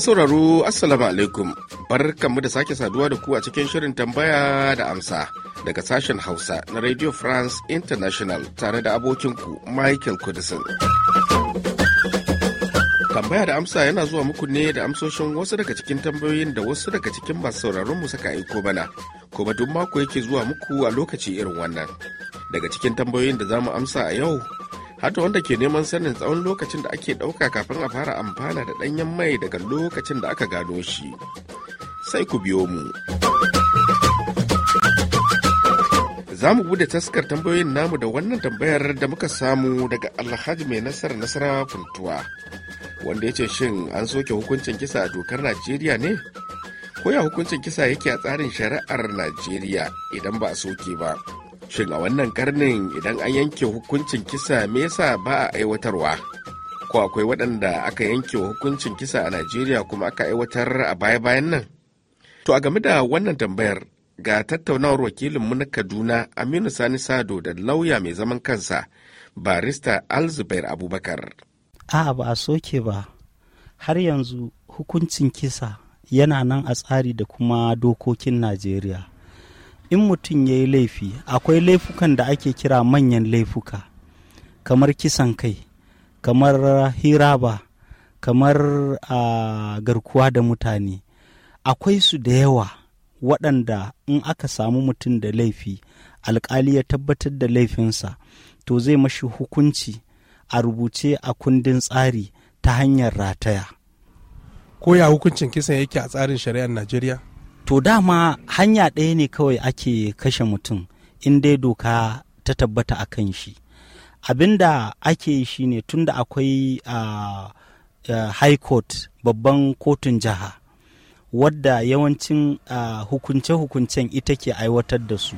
sauraro assalamu alaikum barkanmu da sake saduwa da ku a cikin shirin tambaya da amsa daga sashen hausa na radio france international tare da abokinku michael kudisin. Tambaya da amsa yana zuwa muku ne da amsoshin wasu daga cikin tambayoyin da wasu daga cikin masu sauraron mu suka aiko bana, kuma duk mako yake zuwa muku a lokaci irin wannan. Daga cikin tambayoyin da za mu amsa a yau, hata wanda ke neman sanin tsawon lokacin da ake ɗauka kafin a fara amfana da ɗanyen mai daga lokacin da aka gano shi. Sai ku biyo mu. za mu bude taskar tambayoyin namu da wannan tambayar da muka samu daga alhaji mai nasarar nasara funtuwa wanda ya ce shin an soke hukuncin kisa a dokar najeriya ne Ko ya hukuncin kisa yake a tsarin shari'ar najeriya idan ba a soke ba shin a wannan karnin idan an yanke hukuncin kisa me yasa ba a aiwatarwa ko akwai waɗanda aka yanke hukuncin kisa a najeriya kuma aka aiwatar a baya-bayan nan to a game da wannan tambayar ga tattaunawar wakilin mu na kaduna aminu sani sado da lauya mai zaman kansa barista alzubair abubakar a'a ba a soke ba har yanzu hukuncin kisa yana nan a tsari da kuma dokokin najeriya in mutum ya yi laifi akwai laifukan da ake kira manyan laifuka kamar kisan kai kamar hira ba kamar a garkuwa da mutane akwai su da yawa waɗanda in aka samu mutum da laifi alƙali ya tabbatar da laifinsa to zai mashi hukunci a rubuce a kundin tsari ta hanyar rataya. Ko ya hukuncin kisan yake a tsarin shari'ar Najeriya? To dama hanya ɗaya ne kawai ake kashe mutum in dai doka ta tabbata a kan shi. Abin da ake yi shi ne tun da akwai a High Court babban kotun jiha wadda yawancin hukunce-hukuncen ita ke aiwatar da su.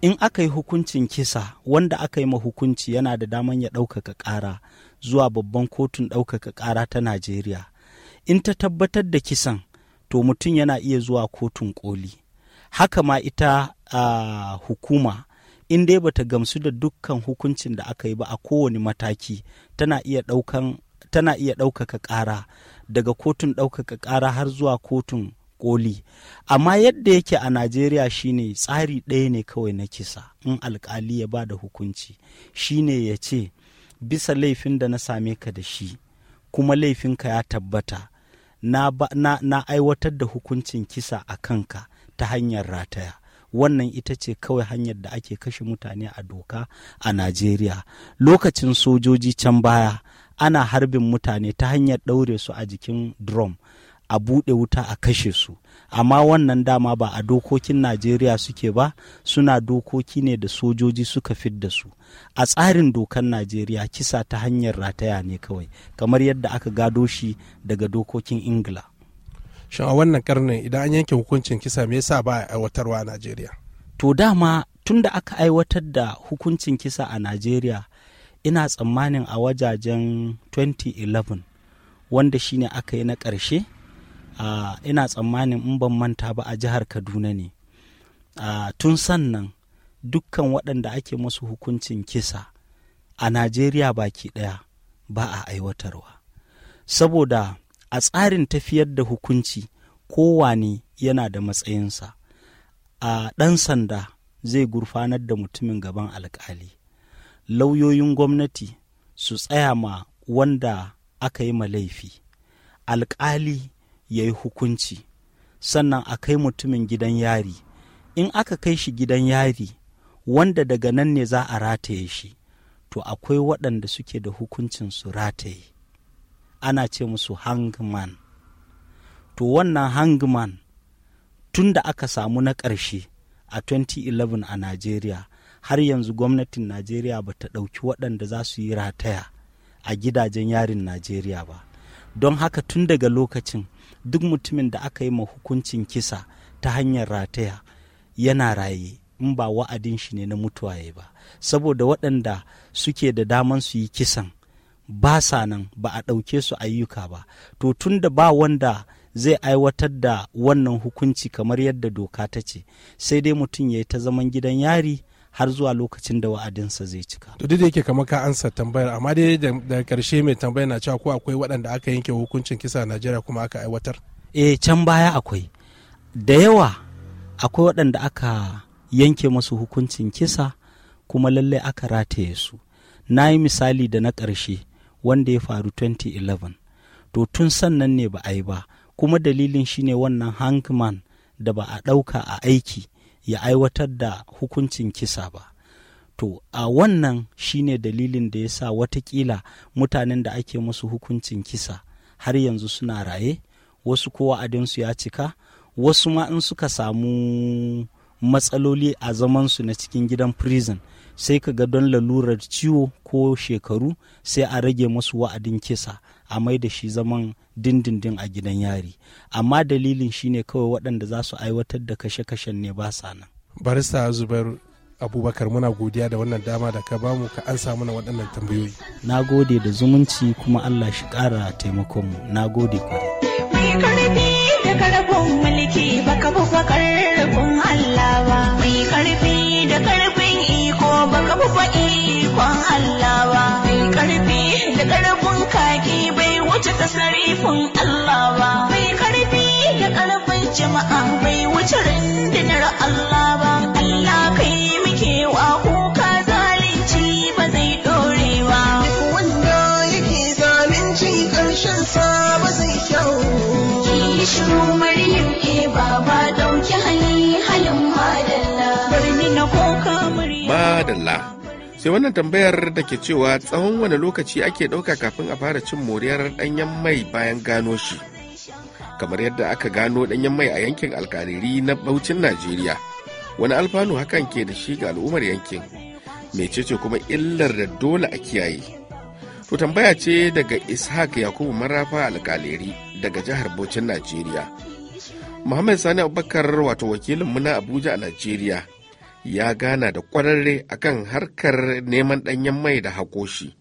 in aka yi hukuncin kisa wanda aka yi ma hukunci yana da daman ya ɗaukaka ƙara zuwa babban kotun ɗaukaka ƙara ta najeriya in ta tabbatar da kisan to mutum yana iya zuwa kotun koli haka ma ita uh, hukuma in dai bata gamsu da dukkan hukuncin da aka yi ba a kowane mataki tana iya ɗaukaka ƙara daga kotun ɗaukaka ƙara har zuwa kotun koli amma yadda yake a najeriya shine tsari ɗaya ne kawai na kisa in alkali ya ba da hukunci shine ya ce bisa laifin da na same ka da shi kuma laifinka ya tabbata na, na, na aiwatar da hukuncin kisa a kanka ta hanyar rataya wannan ita ce kawai hanyar da ake kashe mutane a doka a najeriya lokacin sojoji can baya ana harbin mutane ta hanyar ɗaure su a jikin drum a buɗe wuta a kashe su amma wannan dama ba a dokokin najeriya suke ba suna dokoki ne da sojoji suka da su a tsarin dokan najeriya kisa ta hanyar rataya ne kawai kamar yadda aka gado shi daga dokokin ingila shin a wannan karnin idan an yanke hukuncin kisa me yasa ba a aiwatarwa a najeriya to dama tun da aka aiwatar da hukuncin kisa a najeriya ina tsammanin a wajajen 2011 wanda shine aka yi na ƙarshe a ina tsammanin in ban manta ba a jihar kaduna ne a tun sannan dukkan waɗanda ake masu hukuncin kisa a najeriya baki ɗaya ba a aiwatarwa saboda a tsarin tafiyar da hukunci kowane yana da matsayinsa a ɗan sanda zai gurfanar da mutumin gaban alkali lauyoyin gwamnati su tsaya ma wanda aka yi ma laifi alkali ya yi hukunci sannan a kai mutumin gidan yari in aka kai shi gidan yari wanda daga nan ne za a rataye shi to akwai waɗanda suke da hukuncin su rataye ana ce musu hangman to wannan hangman tun da aka samu na ƙarshe a 2011 a najeriya har yanzu gwamnatin najeriya ba ta ɗauki waɗanda za su yi rataya a gidajen yarin najeriya ba don haka tun daga lokacin duk mutumin da aka yi ma hukuncin kisa ta hanyar rataya yana raye in ba wa'adin shi ne na mutuwa ya ba saboda waɗanda suke da daman su yi kisan ba sa nan ba a ɗauke su ayyuka ba to tun da ba wanda zai aiwatar da wannan hukunci kamar yadda doka ta ce sai dai mutum ya yi ta zaman gidan yari har zuwa lokacin da wa'adinsa zai cika. To duk da yake kamar ka ansa tambayar amma dai da karshe mai tambayar na cewa ko akwai waɗanda aka yanke hukuncin kisa a Najeriya kuma aka aiwatar? Eh can baya akwai. Da yawa akwai waɗanda aka yanke masu hukuncin kisa kuma lalle aka rataye su. Na yi misali da na ƙarshe wanda ya faru 2011. To tun sannan ne ba a yi ba kuma dalilin shine wannan hangman da ba a ɗauka a aiki ya aiwatar da hukuncin kisa ba to a wannan shine dalilin da ya sa watakila mutanen da ake musu hukuncin kisa har yanzu suna raye wasu kowa adinsu ya cika wasu ma in suka samu matsaloli a zamansu na cikin gidan prison sai ka ga don lalurar ciwo ko shekaru sai a rage masu wa'adin kisa a mai da shi zaman dindindin a gidan yari amma dalilin shine kawai waɗanda za su aiwatar da kashe-kashen ne ba sa nan barista zubairu abubakar muna godiya da wannan dama da ka bamu ka an samu na waɗannan tambayoyi na gode da zumunci kuma allah shi ƙara taimakonmu na gode kwarai tasarifin Allah ba mai karfi da karfin jama'a bai wuce rundunar Allah ba Allah kai muke wa kuka zalunci ba zai dore ba wanda yake zalunci karshen sa ba zai kyau ki shiru maryam eh baba sai wannan tambayar da ke cewa tsawon wani lokaci ake ɗauka kafin a fara cin moriyar ɗanyen mai bayan gano shi kamar yadda aka gano ɗanyen mai a yankin alkariri na baucin najeriya wani alfanu hakan ke da shi ga al'ummar yankin mecece kuma illar da dole a kiyaye to tambaya ce daga ishaq yakubu marafa alkaliri daga jihar bocin najeriya muhammad sani abubakar wato wakilin muna abuja a najeriya ya gana da kwararre akan harkar neman ɗanyen mai da hakoshi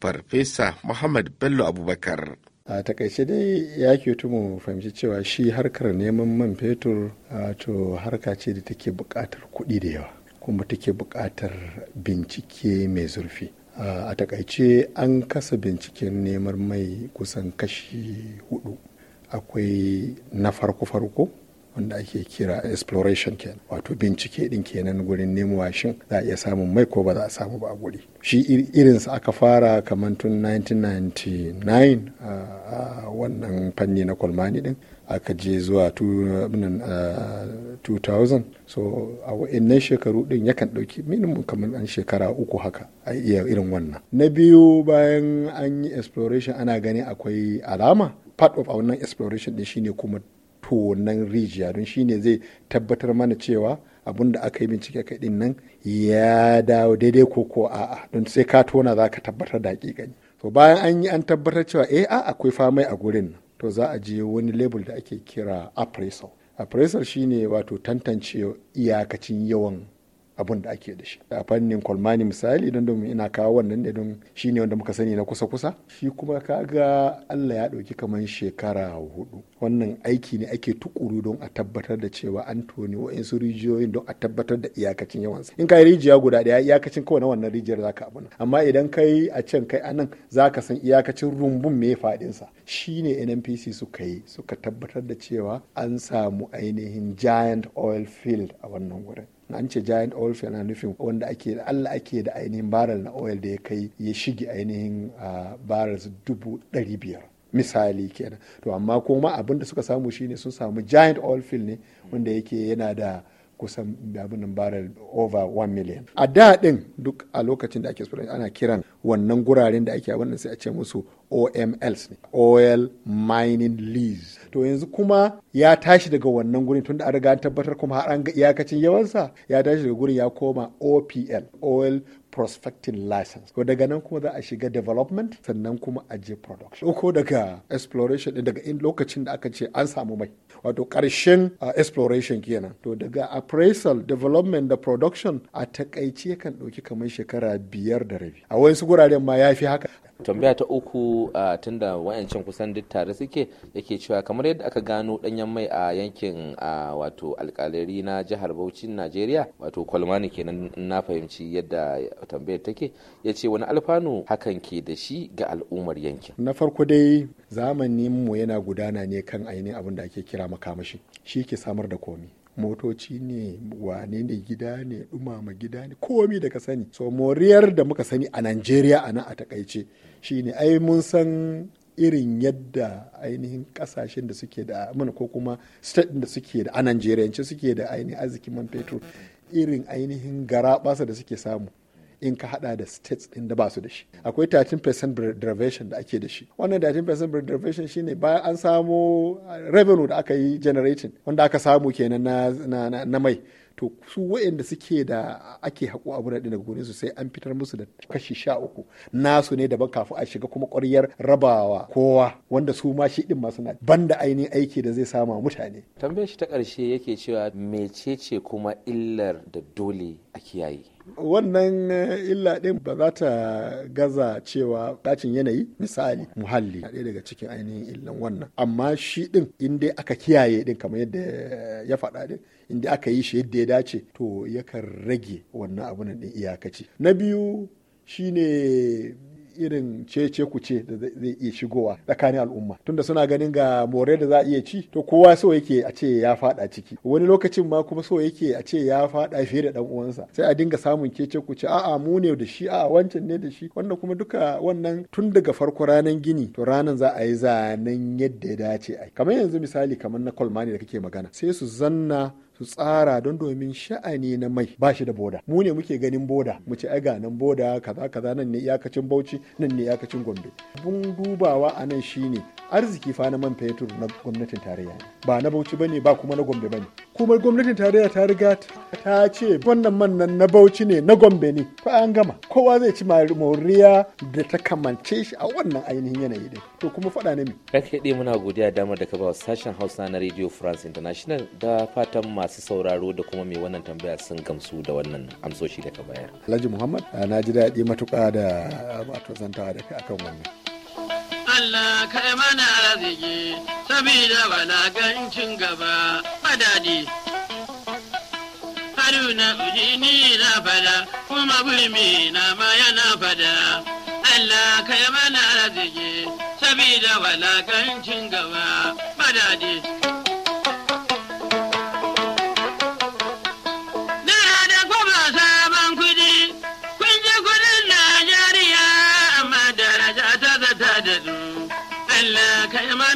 farfesa muhammad bello abubakar a takaice dai ya kyautu mu fahimci cewa shi harkar neman man fetur to harka ce da take buƙatar kuɗi da yawa kuma take buƙatar bincike mai zurfi a takaice an kasa binciken neman mai kusan kashi hudu akwai na farko-farko wanda ake kira exploration kenan wato bincike din kenan gurin nemo shin za a iya samun mai ko ba za a samu ba guri shi irinsa aka fara kamar tun 1999 a wannan fanni na kolmani din aka je zuwa 2000 so a wa'annan shekaru din yakan ɗauki minimum kamar an shekara uku haka a iya irin wannan na biyu bayan an yi exploration ana gani akwai alama part of a wannan exploration din shine kuma rufe wannan rijiya don shine zai tabbatar mana cewa abun da aka yi bincike kai din nan ya dawo daidai ko ko a'a don sai ka tona za ka tabbatar da hakikani to bayan an yi an tabbatar cewa eh a akwai famai a gurin to za a je wani label da ake kira appraisal appraisal shine wato tantance iyakacin yawan Abin da ake da shi a fannin kwalmani misali don domin ina kawo wannan da don shi ne wanda muka sani na kusa-kusa shi kuma kaga allah ya ɗauki kamar shekara hudu wannan aiki ne ake tukuru don a tabbatar da cewa an toni wa'insu rijiyoyin don a tabbatar da iyakacin yawansa in ka rijiya guda ɗaya iyakacin kowane wannan rijiyar zaka abu amma idan kai a can kai a nan zaka san iyakacin rumbun me faɗin sa shi ne nnpc suka yi suka tabbatar da cewa an samu ainihin giant oil field a wannan wurin an ce giant oil na nufin wanda ake da allah ake da ainihin barrel na oil da ya kai ya shige ainihin ah, barrels dubu ɗari biyar misali kenan to amma kuma abin da suka samu shine sun samu giant oil field ne wanda yake yana da kusan abin nan barrel over 1 million a da din duk a lokacin da ake ana kiran wannan guraren da ake abin sai a ce musu OMLs ne oil mining lease to yanzu kuma ya tashi daga wannan gurin tunda an riga tabbatar kuma har an ga iyakacin yawansa ya tashi daga gurin ya koma OPL oil prospecting license ko daga nan kuma za a shiga development sannan kuma a je production ko daga exploration din daga in lokacin da aka ce an samu mai wato karshen uh, exploration kenan to daga appraisal development da production a takaice kan ɗauki kamar shekara biyar da rabi a wasu guraren ma ya fi haka tambaya ta uku tunda wayancin kusan duk tare suke yake cewa kamar yadda aka gano danyen mai a yankin wato alkalari na jihar Bauchi Najeriya wato kwalmani kenan na fahimci yadda tambayar take ya ce wani alfanu hakan ke da shi ga al'ummar yankin na farko dai zamaninmu yana gudana ne kan ainihin abin da ake kira makamashi shi ke samar da komi motoci ne wane ne gida ne dumama gida ne komi da ka sani so moriyar da muka sani a najeriya a nan a takaice shine ai mun san irin yadda ainihin kasashen da suke da mana ko kuma state da suke da a najeriyance suke da ainihin arzikin man fetur irin ainihin garaɓasa da suke samu in ka hada da states din da basu da shi akwai 13% derivation da ake da shi wannan 13% derivation shine bayan an samo uh, revenue da aka yi generating wanda aka samu kenan na, na na mai to su waɗanda suke da ake haƙo abu da daga gurin su sai an fitar musu da kashi sha uku nasu ne daban kafin a shiga kuma ƙwaryar rabawa kowa wanda su ma shi ɗin masu na banda ainihin aiki da zai sama mutane. tambayar shi ta ƙarshe yake cewa mecece kuma illar da dole a kiyaye. wannan eh, illa ɗin ba za ta gaza cewa ɗacin yanayi misali muhalli na ɗaya daga cikin ainihin illan wannan amma shi ɗin inda aka kiyaye ɗin kamar yadda ya faɗa ɗin inda aka yi shi yadda ya dace to yakan rage wannan abunan ɗin iyakaci na biyu shine irin cece ce da zai iya shigowa tsakanin al'umma tunda suna ganin ga more da za a iya ci to kowa so yake a ce ya fada ciki wani lokacin ma kuma so yake a ce ya fada fiye da dan uwansa sai a dinga samun cece ce a'a mu ne da shi a'a wancan ne da shi wannan kuma duka wannan tun daga farko ranar gini to ranan za a yi zanen yadda ya dace ai kamar yanzu misali kamar na kolmani da kake magana sai su zanna su tsara don domin sha'ani na mai ba shi da boda mu ne muke ganin boda mu ce ai ga nan boda kaza kaza nan ne iyakacin Bauchi nan ne iyakacin Gombe bun dubawa a nan shine arziki fa na man fetur na gwamnatin tarayya ba na Bauchi bane ba kuma na Gombe bane hukumar gwamnatin tarayya ta riga ta ce wannan mannan na bauchi ne na gombe ne ko an gama kowa zai ci moriya da ta kamance shi a wannan ainihin yanayi dai to kuma faɗa ne mi kake dai muna godiya damar da ka ba sashen hausa na radio france international da fatan masu sauraro da kuma mai wannan tambaya sun gamsu da wannan amsoshi da ka bayar alhaji muhammad na ji daɗi matuƙa da wato zantawa da kai akan wannan Allah kai mana arziki sabida cin gaba madadi. Haruna ni na fada kuma burmi na ma yana fada. Allah kai mana arziki sabida balagancin gaba madadi.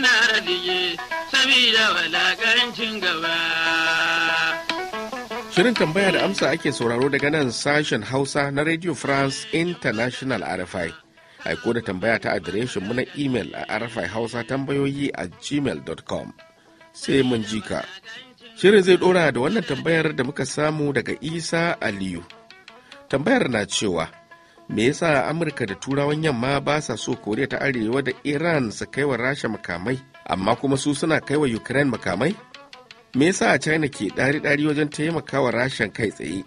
na sabida walakancin gaba. Shirin tambaya da amsa ake sauraro daga nan sashen Hausa na Radio France International RFI. Aiko da tambaya ta adireshin mu na imel a RFI Hausa tambayoyi a gmail.com. Sai mun ji ka. Shirin zai dora da wannan tambayar da muka samu daga Isa Aliyu. Tambayar na cewa, me yasa amurka da turawan yamma ba sa so koriya ta arewa da iran su kaiwa rasha makamai amma kuma su suna kai wa ukraine makamai me yasa china ke ɗari-ɗari wajen taimakawa rashan kai tsaye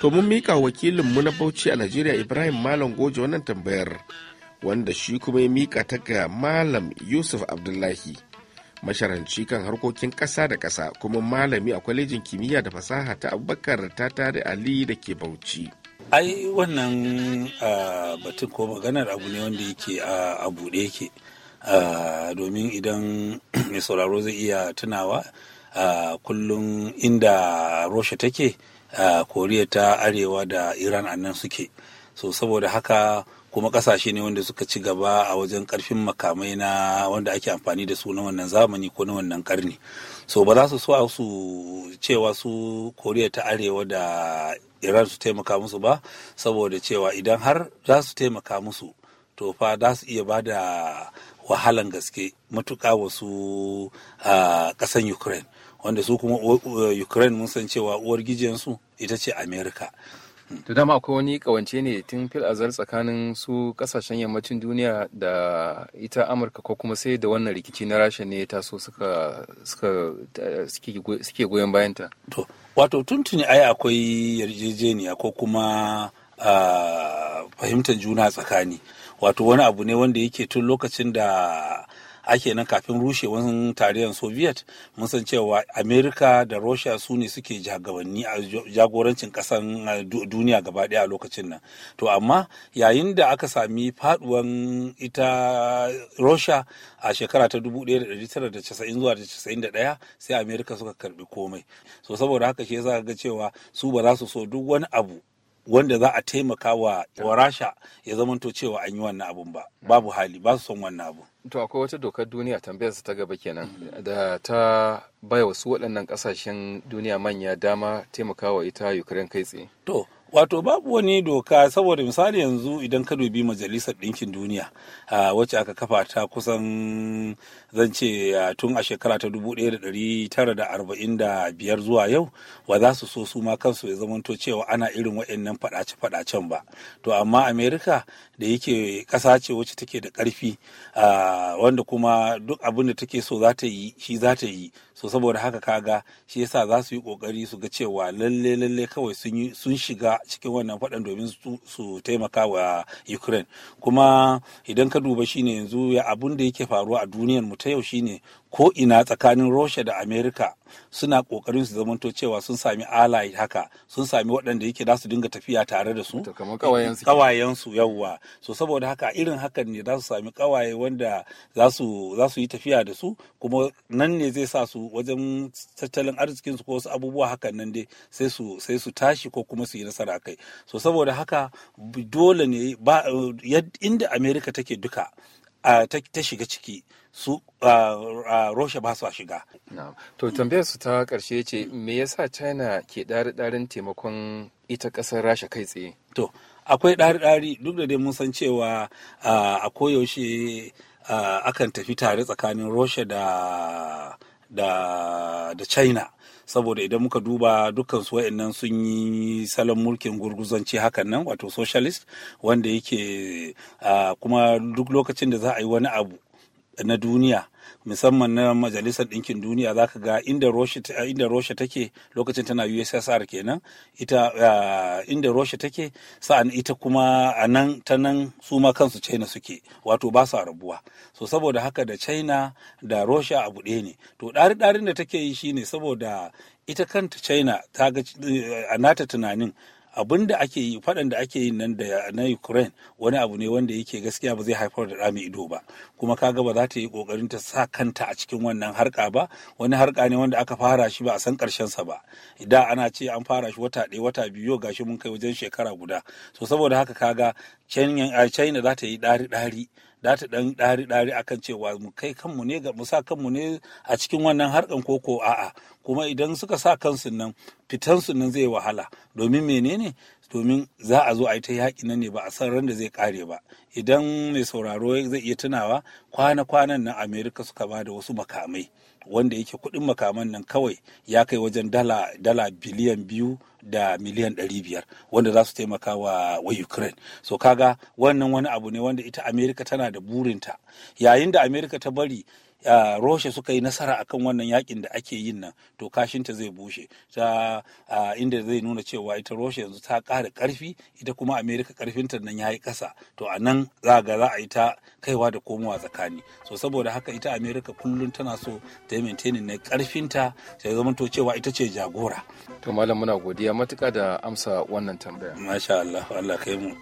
to mun mika wakilin mu na bauchi a najeriya ibrahim malam goje wannan tambayar wanda shi kuma ya mika ta ga malam yusuf abdullahi masharanci kan harkokin ƙasa da ƙasa kuma malami a kwalejin kimiyya da fasaha ta abubakar ta tare ali da ke bauchi ai wannan batun ko maganar abu ne wanda yake a buɗe yake domin idan mai sauraro zai iya tunawa kullum inda roshe take koriya ta arewa da iran a nan suke so saboda haka kuma kasashe ne wanda suka ci gaba a wajen karfin makamai na wanda ake amfani da su na wannan zamani ko na wannan karni so ba za su so su cewa su koriya ta arewa da iran su taimaka musu ba saboda cewa idan har za su taimaka musu to fa za su iya ba da wahalan gaske matuka wasu a ƙasan ukraine wanda su kuma ukraine mun san cewa uwar gijiyansu ita ce amerika. to dama akwai wani kawance ne tun fil azar tsakanin su kasashen yammacin duniya da ita amurka ko kuma sai da wannan rikici na rasha ne ya taso suka suke goyon bayanta to wato tuntuni ai akwai yarjejeniya ko kuma fahimtar juna tsakani wato wani abu ne wanda yake tun lokacin da ake nan kafin rushewar tarayyar soviet mun san cewa amerika da russia su ne suke jagabanni a jagorancin kasan duniya gaba a lokacin nan to amma yayin da aka sami faduwan ita russia a shekara ta 1990 zuwa 1991 sai amerika suka karbi komai so saboda haka shi yasa ga cewa su ba za su so duk wani abu wanda za a taimaka wa rasha ya zamanto cewa an yi wannan abun ba hmm. babu hali ba su son wannan abu to akwai wata dokar duniya tambayar su ta gaba kenan hmm. da ta baya wasu waɗannan ƙasashen duniya manya dama taimakawa ita ukraine kai tsaye to wato babu wani doka saboda misali yanzu idan ka dubi majalisar ɗinkin duniya wacce aka kafa ta kusan zan ce tun a shekara ta dubu da da da arba'in biyar zuwa yau wa za su so su ma kansu ya zamanto cewa ana irin waɗannan faɗace-faɗacen ba to amma amerika da yake ƙasa ce wacce take da ƙarfi wanda kuma duk abin da take so za ta yi shi za ta yi so saboda haka kaga shi yasa za su yi kokari su ga cewa lalle lalle kawai sun shiga cikin wannan faɗan domin su taimaka wa ukraine kuma idan ka duba shine yanzu ya abun da yake faruwa a duniyar mu ta yau shine ko ina tsakanin russia da Amerika suna ƙoƙarin su zamanto cewa sun sami alaye haka sun sami waɗanda yake za su dinga tafiya tare da su ƙawayensu yawwa so saboda haka irin hakan ne za su sami kawaye wanda za su yi tafiya da su kuma nan ne zai sa su wajen tattalin arzikinsu ko wasu abubuwa hakan nan dai sai su sai su tashi ko kuma su yi nasara kai so saboda haka dole ne ba inda Amerika take duka ta shiga ciki su roshe ba su a shiga. To tambayar su ta ƙarshe ce me yasa China ke ɗari-ɗarin taimakon ita ƙasar Rasha kai tsaye? To akwai ɗari-ɗari duk da dai mun san cewa a koyaushe akan tafi tare tsakanin roshe da China. saboda idan muka duba dukkan su wa'annan sun yi salon mulkin gurguzanci hakan nan wato socialist wanda yake ah, kuma duk lokacin da za a yi wani abu na duniya musamman na majalisar ɗinkin duniya za ka ga inda rosha inda take lokacin tana ussr kenan ita ah, inda rosha take sa'an ita kuma a nan ta nan su ma kansu china suke wato ba su rabuwa so saboda haka da china da rosha abu ɗaya ne to ɗari-ɗarin da take yi shine saboda ita kanta china ta ga eh, a nata tunanin abin da ake yi faɗan da ake yi nan da na ukraine wani abu ne wanda yake gaskiya ba zai haifar da rami ido ba kuma kaga ba za ta yi kokarin ta sa kanta a cikin wannan harka ba wani harka ne wanda aka fara shi ba a san karshen sa ba idan ana ce an fara shi wata ɗaya wata biyu gashi mun kai wajen shekara guda so saboda haka kaga china za ta yi ɗari-ɗari za ta ɗan ɗari-ɗari akan cewa mu kai kanmu ne ga sa kanmu ne a cikin wannan harkan koko a'a kuma idan suka sa kansu nan fitansu nan zai wahala domin menene domin za a zo a yi ta yaƙi nan ne ba a san randa zai ƙare ba idan mai sauraro zai iya tunawa kwana-kwanan nan amerika suka ba da wasu makamai wanda yake kuɗin makaman nan kawai ya kai wajen dala biliyan biyu da miliyan ɗari biyar wanda za su taimaka wa, wa ukraine so kaga wannan wani abu ne wanda ita amerika tana da burinta yayin da amerika ta bari Rosha suka yi nasara akan wannan yakin da ake yin nan to kashinta zai bushe ta inda zai nuna cewa ita Rosha yanzu ta ƙara ƙarfi ita kuma Amerika ƙarfinta nan ya yi ƙasa to a nan za ga za a yi ta kaiwa da komowa tsakani so saboda haka ita Amerika kullum tana so ta yi ne na ƙarfinta ta zama to cewa ita ce jagora. To malam muna godiya matuka da amsa wannan tambaya. Masha Allah Allah kai mu.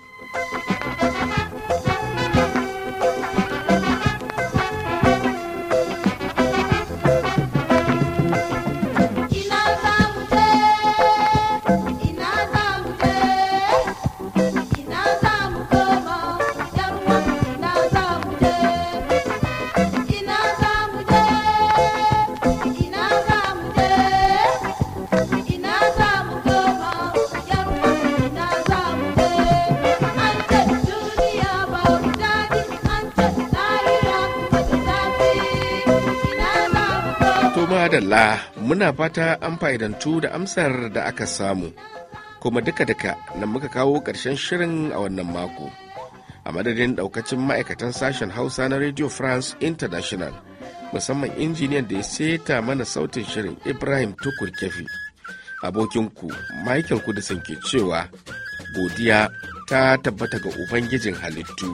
madalla muna fata an fa'idantu da amsar da aka samu kuma duka-duka nan muka kawo ƙarshen shirin a wannan mako a madadin ɗaukacin ma'aikatan sashen hausa na radio france international musamman injiniyan da ya seta mana sautin shirin ibrahim tukur kefi abokinku michael kudisin ke cewa godiya ta tabbata ga ubangijin halittu.